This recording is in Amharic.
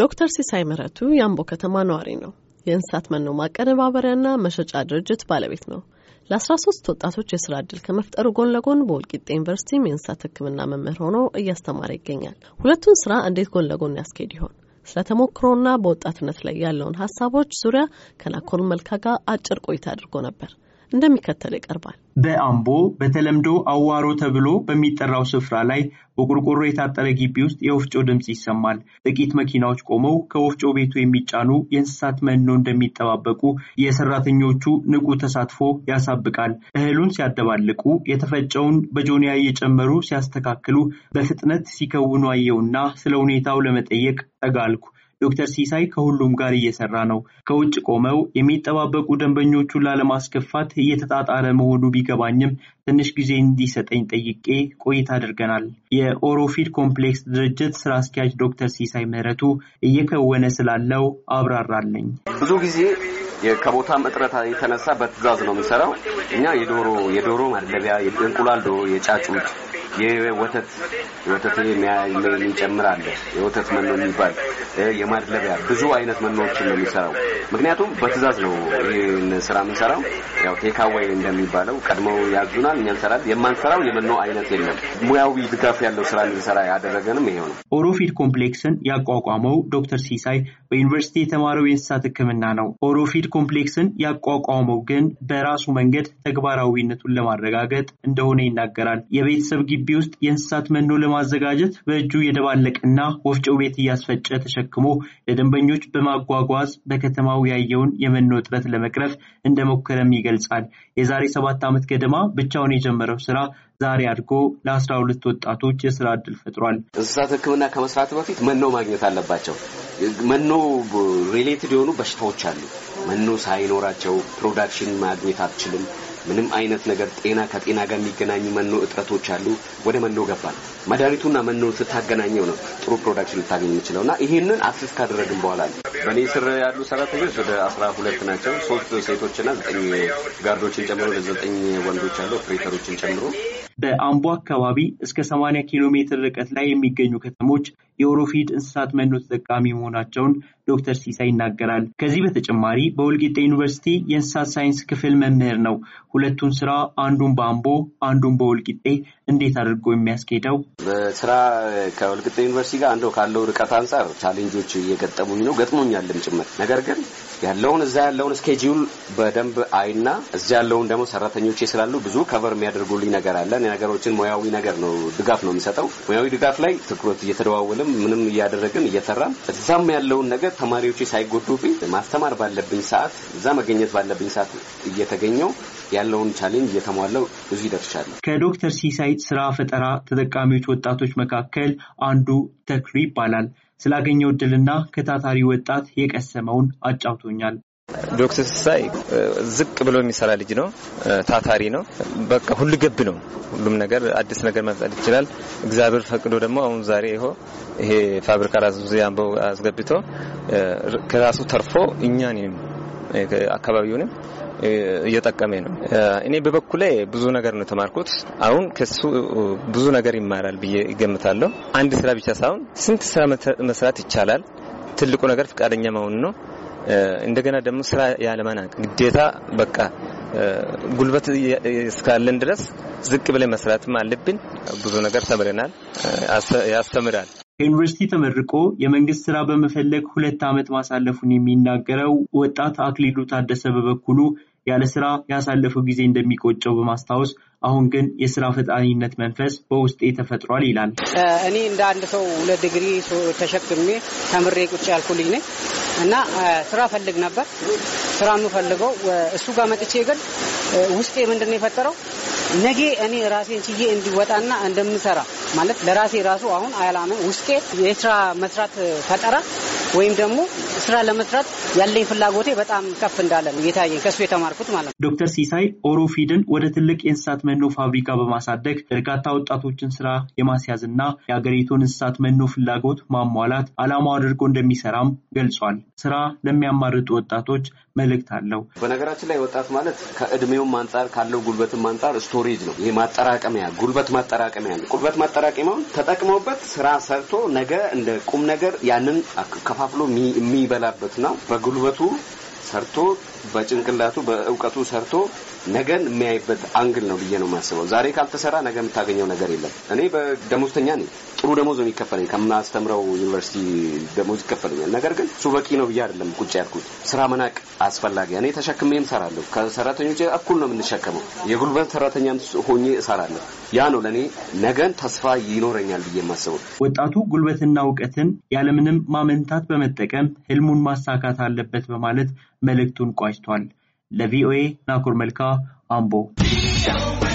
ዶክተር ሲሳይ ምረቱ የአምቦ ከተማ ነዋሪ ነው። የእንስሳት መኖ ማቀነባበሪያና መሸጫ ድርጅት ባለቤት ነው። ለ13 ወጣቶች የስራ እድል ከመፍጠሩ ጎን ለጎን በወልቂጤ ዩኒቨርሲቲም የእንስሳት ሕክምና መምህር ሆኖ እያስተማረ ይገኛል። ሁለቱን ስራ እንዴት ጎን ለጎን ያስኬድ ይሆን? ስለ ተሞክሮና በወጣትነት ላይ ያለውን ሀሳቦች ዙሪያ ከናኮል መልካ ጋር አጭር ቆይታ አድርጎ ነበር። እንደሚከተል ይቀርባል። በአምቦ በተለምዶ አዋሮ ተብሎ በሚጠራው ስፍራ ላይ በቆርቆሮ የታጠረ ግቢ ውስጥ የወፍጮ ድምፅ ይሰማል። ጥቂት መኪናዎች ቆመው ከወፍጮ ቤቱ የሚጫኑ የእንስሳት መኖ እንደሚጠባበቁ የሰራተኞቹ ንቁ ተሳትፎ ያሳብቃል። እህሉን ሲያደባልቁ፣ የተፈጨውን በጆንያ እየጨመሩ ሲያስተካክሉ፣ በፍጥነት ሲከውኑ አየውና ስለ ሁኔታው ለመጠየቅ ጠጋልኩ። ዶክተር ሲሳይ ከሁሉም ጋር እየሰራ ነው። ከውጭ ቆመው የሚጠባበቁ ደንበኞቹን ላለማስከፋት እየተጣጣረ መሆኑ ቢገባኝም ትንሽ ጊዜ እንዲሰጠኝ ጠይቄ ቆይታ አድርገናል። የኦሮፊድ ኮምፕሌክስ ድርጅት ስራ አስኪያጅ ዶክተር ሲሳይ ምህረቱ እየከወነ ስላለው አብራራለኝ። ብዙ ጊዜ ከቦታም እጥረት የተነሳ በትዛዝ ነው የምንሰራው እኛ የዶሮ የዶሮ ማለቢያ፣ የእንቁላል ዶሮ፣ የጫጩት የወተት ወተት እንጨምራለን የወተት መኖ የሚባል የማድለቢያ ብዙ አይነት መኖዎችን ነው የሚሰራው። ምክንያቱም በትእዛዝ ነው ይህን ስራ የምንሰራው። ያው ቴካዋይ እንደሚባለው ቀድመው ያዙናል፣ እኛ እንሰራለን። የማንሰራው የመኖ አይነት የለም። ሙያዊ ድጋፍ ያለው ስራ እንዲሰራ ያደረገንም ይሄው ነው። ኦሮፊድ ኮምፕሌክስን ያቋቋመው ዶክተር ሲሳይ በዩኒቨርሲቲ የተማረው የእንስሳት ሕክምና ነው። ኦሮፊድ ኮምፕሌክስን ያቋቋመው ግን በራሱ መንገድ ተግባራዊነቱን ለማረጋገጥ እንደሆነ ይናገራል። የቤተሰብ ግቢ ውስጥ የእንስሳት መኖ ለማዘጋጀት በእጁ የደባለቀና ወፍጮ ቤት እያስፈጨ ተሸክሞ ለደንበኞች በማጓጓዝ በከተማው ያየውን የመኖ እጥረት ለመቅረፍ እንደሞከረም ይገልጻል። የዛሬ ሰባት ዓመት ገደማ ብቻውን የጀመረው ስራ ዛሬ አድጎ ለአስራ ሁለት ወጣቶች የስራ እድል ፈጥሯል። እንስሳት ሕክምና ከመስራት በፊት መኖ ማግኘት አለባቸው። መኖ ሪሌትድ የሆኑ በሽታዎች አሉ። መኖ ሳይኖራቸው ፕሮዳክሽን ማግኘት አትችልም። ምንም አይነት ነገር ጤና ከጤና ጋር የሚገናኙ መኖ እጥረቶች አሉ። ወደ መኖ ገባል። መድኃኒቱና መኖ ስታገናኘው ነው ጥሩ ፕሮዳክሽን ልታገኝ የምችለው እና ይህንን አክሴስ ካደረግን በኋላ በእኔ ስር ያሉ ሰራተኞች ወደ አስራ ሁለት ናቸው። ሶስት ሴቶችና ዘጠኝ ጋርዶችን ጨምሮ ዘጠኝ ወንዶች አሉ ኦፕሬተሮችን ጨምሮ በአምቦ አካባቢ እስከ 80 ኪሎ ሜትር ርቀት ላይ የሚገኙ ከተሞች የኦሮፊድ እንስሳት መኖ ተጠቃሚ መሆናቸውን ዶክተር ሲሳይ ይናገራል። ከዚህ በተጨማሪ በወልቂጤ ዩኒቨርሲቲ የእንስሳት ሳይንስ ክፍል መምህር ነው። ሁለቱን ስራ አንዱን በአምቦ አንዱን በወልቂጤ እንዴት አድርጎ የሚያስኬደው ስራ ከወልቂጤ ዩኒቨርሲቲ ጋር አንዱ ካለው ርቀት አንጻር ቻሌንጆች እየገጠሙኝ ነው፣ ገጥሞኛልም ጭምር ነገር ግን ያለውን እዛ ያለውን ስኬጁል በደንብ አይና እዚ ያለውን ደግሞ ሰራተኞች ስላሉ ብዙ ከቨር የሚያደርጉልኝ ነገር አለ። ነገሮችን ሙያዊ ነገር ነው ድጋፍ ነው የሚሰጠው። ሙያዊ ድጋፍ ላይ ትኩረት እየተደዋወልም ምንም እያደረግን እየተራም እዛም ያለውን ነገር ተማሪዎች ሳይጎዱብኝ ማስተማር ባለብኝ ሰዓት እዛ መገኘት ባለብኝ ሰዓት እየተገኘው ያለውን ቻሌንጅ እየተሟላው ብዙ ይደርሻለሁ። ከዶክተር ሲሳይ ስራ ፈጠራ ተጠቃሚዎች ወጣቶች መካከል አንዱ ተክሉ ይባላል። ስላገኘው እድልና ከታታሪ ወጣት የቀሰመውን አጫውቶኛል። ዶክተር ስሳይ ዝቅ ብሎ የሚሰራ ልጅ ነው። ታታሪ ነው። በቃ ሁሉ ገብ ነው። ሁሉም ነገር አዲስ ነገር መፍጠር ይችላል። እግዚአብሔር ፈቅዶ ደግሞ አሁን ዛሬ ይሆ ይሄ ፋብሪካ ራሱ አስገብቶ ከራሱ ተርፎ እኛን አካባቢውንም እየጠቀመኝ ነው። እኔ በበኩሌ ብዙ ነገር ነው የተማርኩት። አሁን ከሱ ብዙ ነገር ይማራል ብዬ ይገምታለሁ። አንድ ስራ ብቻ ሳይሆን ስንት ስራ መስራት ይቻላል። ትልቁ ነገር ፈቃደኛ መሆኑ ነው። እንደገና ደግሞ ስራ ያለመናቅ ግዴታ በቃ ጉልበት እስካለን ድረስ ዝቅ ብለን መስራትም አለብን። ብዙ ነገር ተምረናል። ያስተምራል። ከዩኒቨርሲቲ ተመርቆ የመንግስት ስራ በመፈለግ ሁለት ዓመት ማሳለፉን የሚናገረው ወጣት አክሊሉ ታደሰ በበኩሉ ያለ ስራ ያሳለፈው ጊዜ እንደሚቆጨው በማስታወስ አሁን ግን የስራ ፈጣኒነት መንፈስ በውስጤ ተፈጥሯል ይላል። እኔ እንደ አንድ ሰው ሁለት ዲግሪ ተሸክሜ ተምሬ ቁጭ ያልኩልኝ ነኝ እና ስራ ፈልግ ነበር። ስራ የምፈልገው እሱ ጋር መጥቼ ግን ውስጤ ምንድን ነው የፈጠረው ነጌ እኔ ራሴን ችዬ እንዲወጣና እንደምሰራ ማለት ለራሴ ራሱ አሁን አያላምን ውስጤ የስራ መስራት ፈጠራ ወይም ደግሞ ስራ ለመስራት ያለኝ ፍላጎቴ በጣም ከፍ እንዳለ ነው የታየኝ ከሱ የተማርኩት ማለት ነው። ዶክተር ሲሳይ ኦሮፊድን ወደ ትልቅ የእንስሳት መኖ ፋብሪካ በማሳደግ በርካታ ወጣቶችን ስራ የማስያዝ የማስያዝና የአገሪቱን እንስሳት መኖ ፍላጎት ማሟላት አላማው አድርጎ እንደሚሰራም ገልጿል። ስራ ለሚያማርጡ ወጣቶች መልእክት አለው። በነገራችን ላይ ወጣት ማለት ከእድሜውም አንጻር ካለው ጉልበትም አንጻር ስቶሬጅ ነው። ይሄ ማጠራቀሚያ ጉልበት ማጠራቀሚያ ነው። ጉልበት ማጠራቀሚያውን ተጠቅመውበት ስራ ሰርቶ ነገ እንደ ቁም ነገር ያንን ከፋፍሎ የሚበላበት ነው። በጉልበቱ ሰርቶ በጭንቅላቱ በእውቀቱ ሰርቶ ነገን የሚያይበት አንግል ነው ብዬ ነው የማስበው። ዛሬ ካልተሰራ ነገ የምታገኘው ነገር የለም። እኔ በደሞዝተኛ ነኝ። ጥሩ ደሞዝ ነው የሚከፈለኝ፣ ከማስተምረው ዩኒቨርሲቲ ደሞዝ ይከፈለኛል። ነገር ግን እሱ በቂ ነው ብዬ አይደለም ቁጭ ያልኩት። ስራ መናቅ አስፈላጊ እኔ ተሸክሜም እሰራለሁ። ከሰራተኞች እኩል ነው የምንሸከመው። የጉልበት ሰራተኛም ሆኜ እሰራለሁ። ያ ነው ለእኔ ነገን ተስፋ ይኖረኛል ብዬ የማስበው። ወጣቱ ጉልበትና እውቀትን ያለምንም ማመንታት በመጠቀም ህልሙን ማሳካት አለበት በማለት መልእክቱን ቋጭቷል። او اي ناكور ملكا آمبو